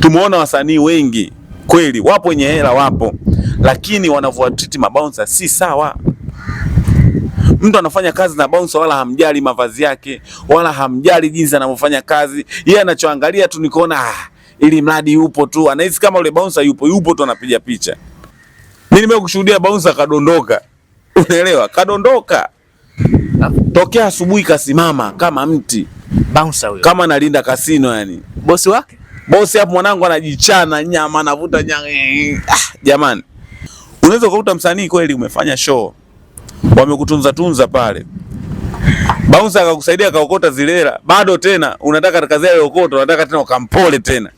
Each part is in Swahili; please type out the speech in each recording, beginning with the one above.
Tumeona wasanii wengi kweli, wapo wenye hela, wapo lakini wanavyowatriti mabounsa si sawa. Mtu anafanya kazi na bounsa, wala hamjali mavazi yake, wala hamjali jinsi anavyofanya kazi. Yeye anachoangalia tu ni kuona ah, ili mradi yupo tu, anahisi kama yule bounsa yupo yupo tu, anapiga picha. Mimi nimekushuhudia bounsa kadondoka, unaelewa, kadondoka tokea asubuhi kasimama kama mti bouncer huyo, kama analinda kasino yani bosi wake bosi hapo mwanangu anajichana nyama anavuta nyama. Ah, jamani, unaweza kukuta msanii kweli umefanya show, wamekutunza tunza pale, bouncer akakusaidia akaokota zilela, bado tena unataka kazi ile okota, unataka tena ukampole tena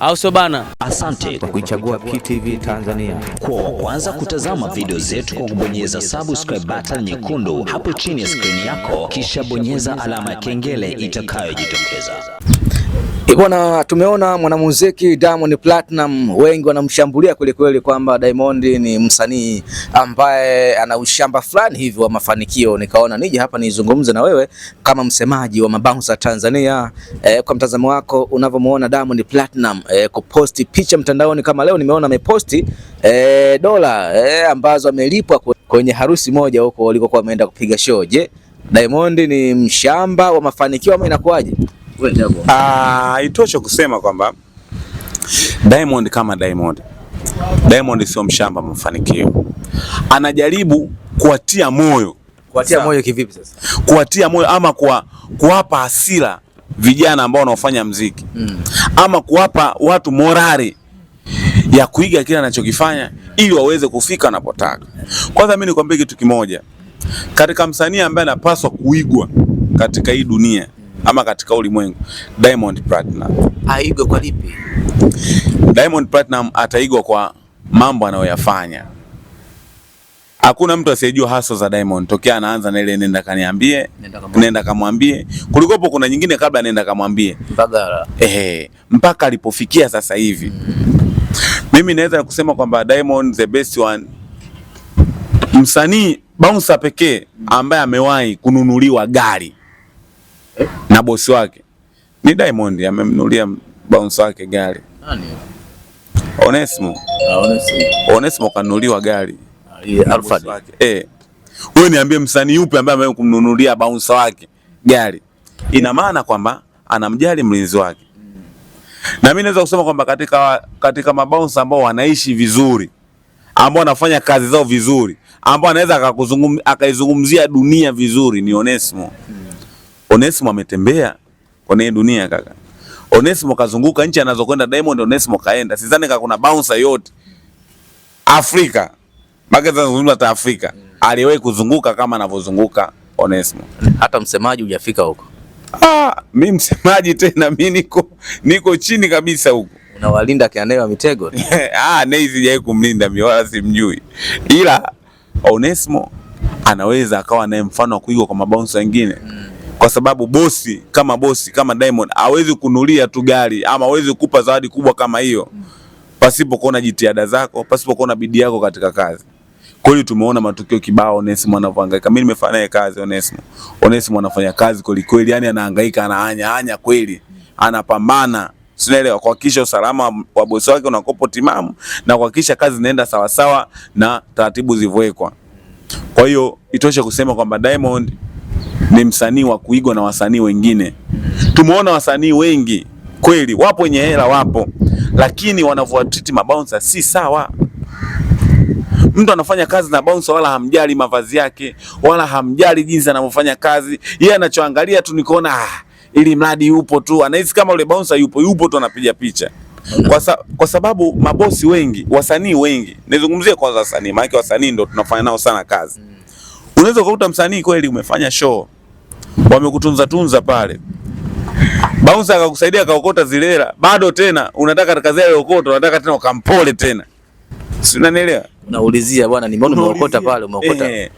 au sio bana? Asante kwa kuichagua PTV Tanzania. Kwa kwanza kutazama video zetu kwa kubonyeza subscribe button nyekundu hapo chini ya skrini yako, kisha bonyeza alama ya kengele itakayojitokeza. Eh, bwana, tumeona mwanamuziki Diamond Platinum, wengi wanamshambulia kweli kweli kwamba Diamond ni msanii ambaye ana ushamba fulani hivi wa mafanikio. Nikaona nije hapa nizungumze na wewe kama msemaji wa mabouncer Tanzania. E, kwa mtazamo wako unavyomuona Diamond Platinum e, kuposti picha mtandaoni kama leo nimeona ameposti e, dola e, ambazo amelipwa kwenye harusi moja huko walikokuwa wameenda kupiga show. Je, Diamond ni mshamba wa mafanikio ama inakuwaje? Ah, kusema kwamba Diamond kama Diamond, Diamond sio mshamba mafanikio, anajaribu kuwatia moyo. Kuwatia moyo kivipi sasa? Kuwatia moyo ama kuwa, kuwapa hasira vijana ambao wanaofanya mziki mm, ama kuwapa watu morali ya kuiga kile anachokifanya ili waweze kufika wanapotaka. Kwanza mimi nikwambie kitu kimoja, katika msanii ambaye anapaswa kuigwa katika hii dunia ama katika ulimwengu Diamond Platinum. Aigwe kwa lipi? Diamond Platinum ataigwa kwa mambo anayoyafanya. Hakuna mtu asiyejua haso za Diamond tokea anaanza na ile nenda kaniambie, nenda kamwambie, kulikopo kuna nyingine kabla nenda kamwambie mpaka ehe, mpaka alipofikia sasa hivi mm. Mimi naweza kusema kwamba Diamond the best one, msanii bouncer pekee ambaye amewahi kununuliwa gari na bosi wake ni Diamond amemnunulia bounce wake gari. Nani? Onesmo. Ah, Onesmo. Onesmo kanunuliwa gari. Ah, Alfred. Eh. Wewe niambie msanii yupi ambaye ameweza kumnunulia bounce wake gari? Ina maana kwamba anamjali mlinzi wake. Na mimi naweza kusema kwamba katika katika mabounce ambao wanaishi vizuri, ambao wanafanya kazi zao vizuri, ambao anaweza akaizungumzia dunia vizuri ni Onesmo. Hmm. Onesimo ametembea kwenye dunia kaka. Onesimo kazunguka nchi anazokwenda Diamond, Onesimo kaenda. Sidhani kama kuna bouncer yote Afrika, magazeti yanazungumza ta Afrika, aliwahi kuzunguka kama anavyozunguka Onesimo. Hata msemaji hujafika huko. Ah, mi msemaji tena mi niko niko chini kabisa huko. Unawalinda kianeo mitego. Ah, Nay sijai kumlinda mimi wala simjui. Ila Onesimo anaweza akawa naye mfano wa kuigwa kwa mabouncer wengine. Mm kwa sababu bosi kama bosi kama Diamond hawezi kunulia tu gari ama hawezi kukupa zawadi kubwa kama hiyo pasipo kuona jitihada zako, pasipo kuona bidii yako katika kazi. Kweli tumeona matukio kibao, Onesmo anavyohangaika. Mimi nimefanya naye kazi Onesmo. Onesmo anafanya kazi kweli kweli, yani anahangaika, anaanya anya kweli, anapambana Sinaelewa, kuhakikisha usalama wa bosi wake unakopo timamu na kuhakikisha kazi inaenda sawa sawa na taratibu zilivyowekwa. Kwa hiyo itoshe kusema kwamba Diamond ni msanii wa kuigwa na wasanii wengine. Tumeona wasanii wengi kweli, wapo wenye hela, wapo lakini wanavyowatriti mabounsa si sawa. Mtu anafanya kazi na bouncer, wala hamjali mavazi yake, wala hamjali jinsi anavyofanya kazi. Yeye anachoangalia tu ni kuona ah, ili mradi yupo tu, anahisi kama yule bouncer yupo yupo tu, anapiga picha kwa, sa, kwa sababu mabosi wengi, wasanii wengi, nizungumzie kwanza wasanii, maana wasanii ndo tunafanya nao sana kazi Unaweza ukakuta msanii kweli umefanya show, wamekutunza tunza pale, bouncer akakusaidia akaokota zilela, bado tena unataka kazi ile okota, unataka tena ukampole tena, si unanielewa? Naulizia bwana, nimeona umeokota pale, umeokota eh.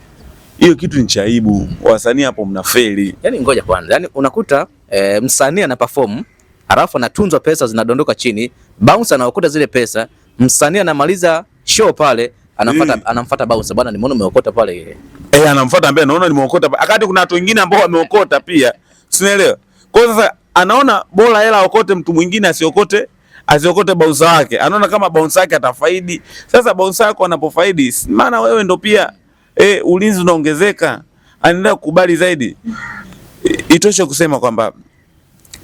hiyo kitu ni cha aibu. Wasanii hapo mnafeli. Yani ngoja kwanza, yani unakuta e, msanii ana perform alafu anatunzwa pesa zinadondoka chini, bouncer anaokota zile pesa, msanii anamaliza show pale, anafuata, mm, eh. anamfuata bouncer, bwana nimeona umeokota pale eh, anamfuata ambaye anaona nimeokota, akati kuna watu wengine ambao wameokota pia, sinaelewa. Kwa hiyo sasa anaona bora hela aokote mtu mwingine asiokote asiokote bouncer wake, anaona kama bouncer wake atafaidi. Sasa bouncer wako anapofaidi, maana wewe ndo pia eh, ulinzi unaongezeka, anaendelea kukubali zaidi. Itoshe kusema kwamba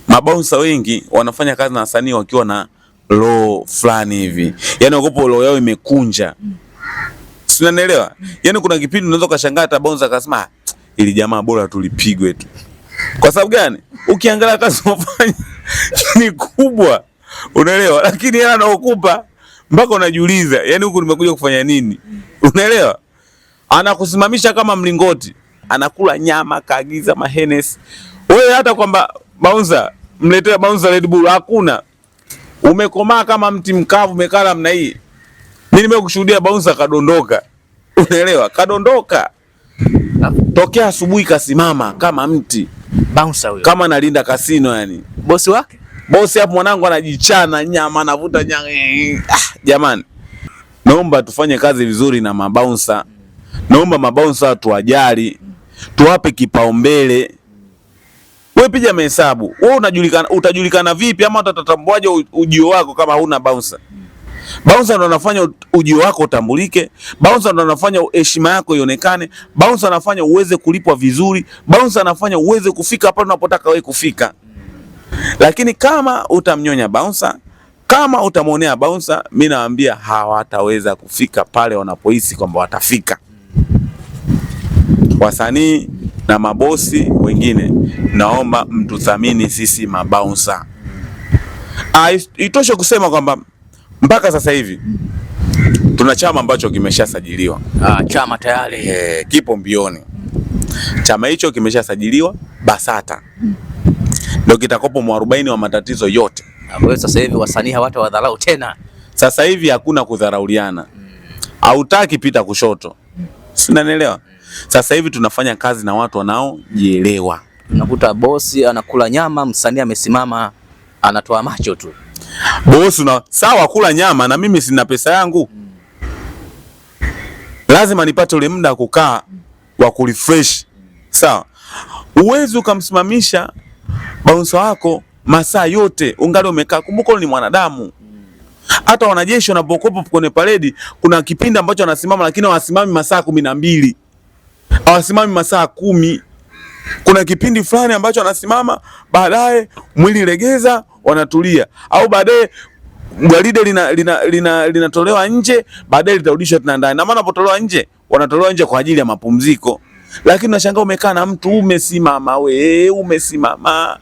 mabounsa wengi wanafanya kazi na wasanii wakiwa na roho fulani hivi, yaani wakopo roho yao imekunja Si unanielewa? Yaani kuna kipindi unaweza ukashangaa hata Bonza akasema ah, ili jamaa bora tulipigwe tu. Kwa sababu gani? Ukiangalia kazi unafanya ni kubwa. Unaelewa? Lakini yeye anaokupa mpaka unajiuliza, yani huku nimekuja kufanya nini? Unaelewa? Anakusimamisha kama mlingoti, anakula nyama, kaagiza mahenes. Wewe hata kwamba Bonza mletea Bonza Red Bull hakuna. Umekomaa kama mti mkavu, umekala mna hii mimi nimekushuhudia bouncer kadondoka. Unaelewa? Kadondoka. Tokea asubuhi kasimama kama mti. Bouncer huyo. Kama analinda kasino yani. Bosi wake? Bosi hapo mwanangu anajichana nyama anavuta nyama. Ah, jamani. Naomba tufanye kazi vizuri na mabouncer. Naomba mabouncer tuwajali. Tuwape kipaumbele. Wewe piga mahesabu. Wewe unajulikana utajulikana vipi ama utatambuaje ujio wako kama huna bouncer? Bouncer ndo anafanya ujio wako utambulike. Bouncer ndo anafanya heshima yako ionekane. Bouncer anafanya uweze kulipwa vizuri. Bouncer anafanya uweze kufika hapa unapotaka wewe kufika. Lakini kama utamnyonya bouncer, kama utamwonea bouncer, mimi naambia hawataweza kufika pale wanapohisi kwamba watafika. Wasanii na mabosi wengine, naomba mtuthamini sisi mabouncer. Ah, itoshe kusema kwamba mpaka sasa hivi tuna chama ambacho kimeshasajiliwa. Ah, chama tayari eh, kipo mbioni. Chama hicho kimeshasajiliwa Basata, ndio kitakopo mwarobaini wa matatizo yote. Ambayo sasa hivi wasanii hawata wadharau tena, sasa hivi hakuna kudharauliana. Hautaki pita kushoto, si Sasa hivi tunafanya kazi na watu wanaojielewa. Unakuta bosi anakula nyama, msanii amesimama anatoa macho tu bosi na sawa, kula nyama na mimi sina pesa yangu, lazima nipate ule muda kukaa wa kurefresh. Sawa, uwezi ukamsimamisha baunsa wako masaa yote ungali umekaa. Kumbuka ni mwanadamu. Hata wanajeshi wanapokuwa kwenye paredi, kuna kipindi ambacho wanasimama, lakini hawasimami masaa kumi na mbili, hawasimami masaa kumi. Kuna kipindi fulani ambacho anasimama, baadaye mwili legeza, wanatulia au baadaye gwaride linatolewa lina, lina, lina nje baadaye litarudishwa tena ndani. Na maana napotolewa nje, wanatolewa nje kwa ajili ya mapumziko, lakini nashangaa umekaa na mtu umesimama, we umesimama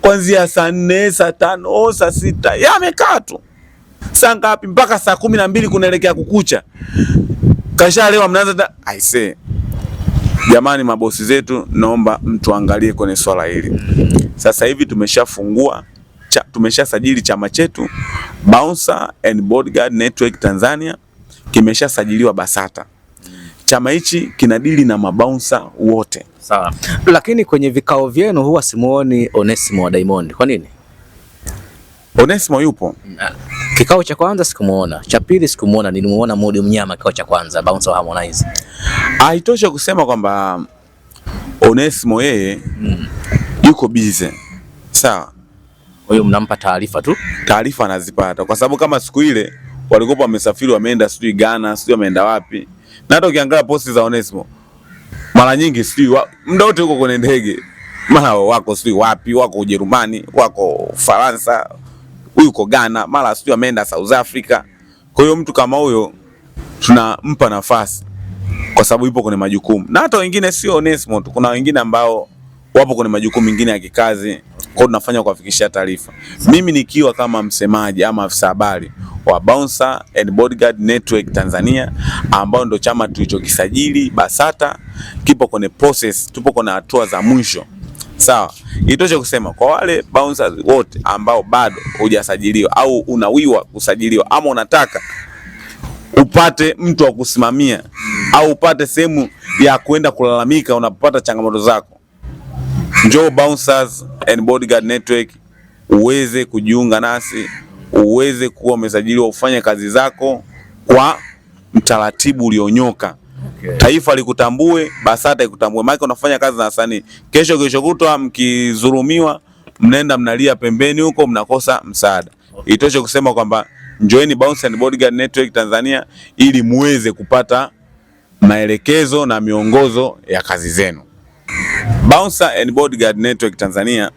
kwanzia saa nne saa tano saa sita yamekaa tu saa ngapi mpaka saa kumi na mbili kunaelekea kukucha, kashalewa mnaanza aisee. Jamani, mabosi zetu, naomba mtuangalie kwenye swala hili. Sasa hivi tumeshafungua cha, tumeshasajili chama chetu Bouncer and Bodyguard Network Tanzania kimeshasajiliwa Basata. Chama hichi kinadili na mabouncer wote. Sawa. Lakini kwenye vikao vyenu huwa simuoni Onesimo wa Diamond. Kwa nini? Onesimo yupo? Kikao cha kwanza sikumuona, cha pili sikumuona, nilimuona Mudi Mnyama kikao cha kwanza Bounce wa Harmonize. Haitoshi kusema kwamba Onesimo yeye mm. yuko busy. Sawa. Kwa hiyo mnampa taarifa tu, taarifa anazipata kwa sababu kama siku ile walikuwa wamesafiri wameenda sijui Ghana sijui wameenda wapi, na hata ukiangalia posti za Onesimo mara nyingi sijui muda wote huko kwenye ndege, mara wako sijui wapi, wako Ujerumani, wako Faransa huyu uko Ghana, mara sijui ameenda South Africa. Kwa hiyo mtu kama huyo tunampa nafasi kwa sababu yupo kwenye majukumu, na hata wengine sio Onesmo tu, kuna wengine ambao wapo kwenye majukumu mengine ya kikazi, kwa hiyo tunafanya kuwafikishia taarifa. Mimi nikiwa kama msemaji ama afisa habari wa Bouncer and Bodyguard Network Tanzania, ambao ndo chama tulichokisajili BASATA, kipo kwenye process, tupo kwenye hatua za mwisho. Sawa, itoshe kusema kwa wale bouncers wote ambao bado hujasajiliwa au unawiwa kusajiliwa ama unataka upate mtu wa kusimamia au upate sehemu ya kwenda kulalamika unapopata changamoto zako, njoo Bouncers and Bodyguard Network uweze kujiunga nasi, uweze kuwa umesajiliwa, ufanye kazi zako kwa mtaratibu ulionyoka okay. Taifa likutambue, BASATA ikutambue, maana unafanya kazi na wasanii. Kesho kesho kutwa mkidhulumiwa, mnaenda mnalia pembeni huko, mnakosa msaada okay. Itoshe kusema kwamba njoeni Bounce and Bodyguard Network Tanzania ili muweze kupata maelekezo na miongozo ya kazi zenu. Bouncer and Bodyguard Network Tanzania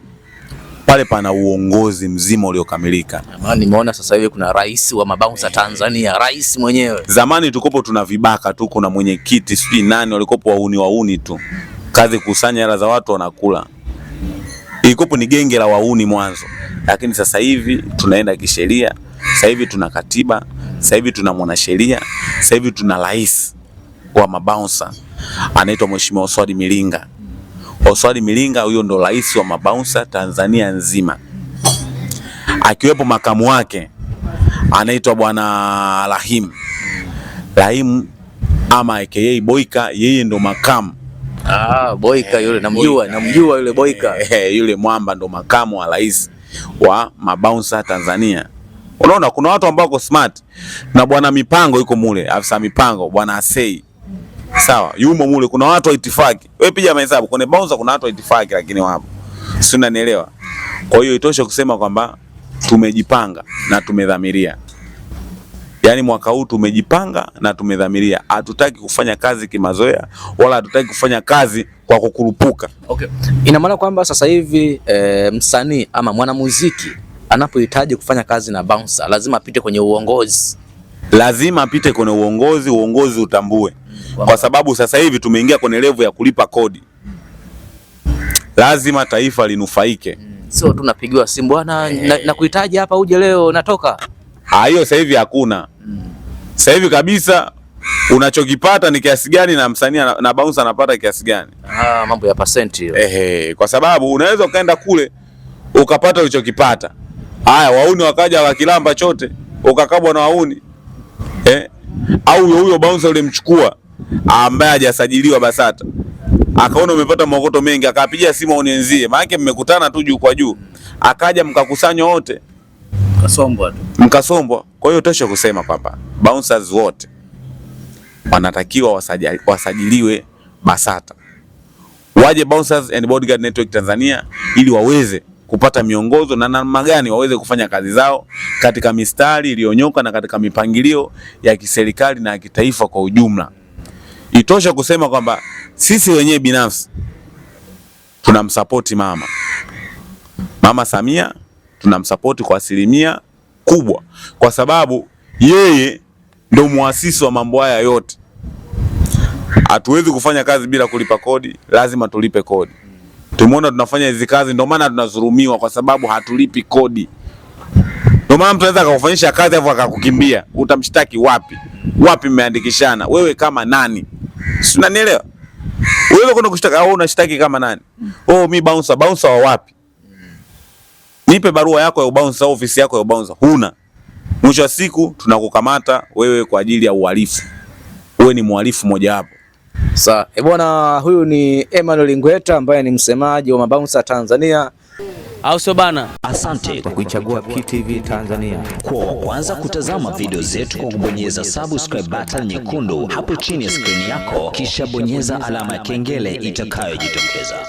pale pana uongozi mzima uliokamilika. Nimeona sasa hivi kuna rais wa mabounsa eh. Tanzania, rais mwenyewe. Zamani tukopo tuna vibaka tu, kuna mwenyekiti sijui nani, walikopo wauni wauni tu, kazi kusanya hela za watu wanakula. Ilikopo ni genge la wauni mwanzo, lakini sasa hivi tunaenda kisheria. Sasa hivi tuna katiba, sasa hivi tuna mwanasheria, sasa hivi tuna rais wa mabounsa anaitwa Mheshimiwa Oswald Milinga. Oswali Milinga, huyo ndo rais wa mabaunsa Tanzania nzima, akiwepo makamu wake anaitwa bwana Rahim Rahim ama aka boika yeye ndo makamu Ah, Boika yule namjua, eh, namjua yule Boika eh, Yule mwamba ndo makamu wa rais wa mabounsa Tanzania. Unaona kuna watu ambao wako smart na bwana mipango yuko mule, afisa mipango bwana Asei Sawa, yumo mule kuna watu wa itifaki. Wewe pija mahesabu, kuna bouncer kuna watu wa itifaki lakini wapo. Si unanielewa? Kwa hiyo itoshe kusema kwamba tumejipanga na tumedhamiria. Yaani mwaka huu tumejipanga na tumedhamiria. Hatutaki kufanya kazi kimazoea wala hatutaki kufanya kazi kwa kukurupuka. Okay. Ina maana kwamba sasa hivi e, msanii ama mwanamuziki anapohitaji kufanya kazi na bouncer lazima apite kwenye uongozi. Lazima apite kwenye uongozi, uongozi utambue kwa sababu sasa hivi tumeingia kwenye levu ya kulipa kodi, lazima taifa linufaike, hmm. sio tunapigiwa simu bwana, eh. nakuhitaji na hapa uje leo natoka. Hiyo sasa hivi hakuna. Hmm. Sasa hivi kabisa unachokipata ni kiasi gani na msanii na, na bouncer anapata kiasi gani? Ah, mambo ya percent hiyo. Ehe, kwa sababu unaweza ukaenda kule ukapata ulichokipata. Haya, wauni wakaja wakilamba chote ukakabwa na wauni eh, au huyo huyo bouncer ulimchukua ambaye hajasajiliwa BASATA akaona umepata maokoto mengi, akapiga simu aonenzie, maana mmekutana tu juu kwa juu, akaja mkakusanywa wote, mkasombwa tu, mkasombwa. Kwa hiyo tosha kusema kwamba bouncers wote wanatakiwa wasajali, wasajiliwe BASATA, waje Bouncers and Bodyguard Network Tanzania ili waweze kupata miongozo na namna gani waweze kufanya kazi zao katika mistari iliyonyoka na katika mipangilio ya kiserikali na ya kitaifa kwa ujumla. Itosha kusema kwamba sisi wenyewe binafsi tunamsapoti mama Mama Samia, tunamsapoti kwa asilimia kubwa, kwa sababu yeye ndo muasisi wa mambo haya yote. Hatuwezi kufanya kazi bila kulipa kodi, lazima tulipe kodi. Tumeona tunafanya hizi kazi, ndio maana tunadhulumiwa, kwa sababu hatulipi kodi. Ndio maana mtu anaweza akakufanyisha kazi afu akakukimbia, utamshtaki wapi? Wapi mmeandikishana? Wewe kama nani? si unanielewa? Wewe kuna kushtaki au unashtaki kama nani? Oh, mi bouncer, bouncer wa wapi? Nipe barua yako ya ubouncer, ofisi yako ya ubouncer. Huna. Mwisho wa siku tunakukamata wewe kwa ajili ya uhalifu. Wewe ni mhalifu mmoja hapo. Sasa, e bwana, huyu ni Emmanuel Ngweta ambaye ni msemaji wa mabouncer Tanzania au sio bana? Asante kwa kuichagua PTV Tanzania. Kwa wa kwanza kutazama video zetu kwa kubonyeza subscribe button nyekundu hapo chini ya skrini yako, kisha bonyeza alama ya kengele itakayojitokeza.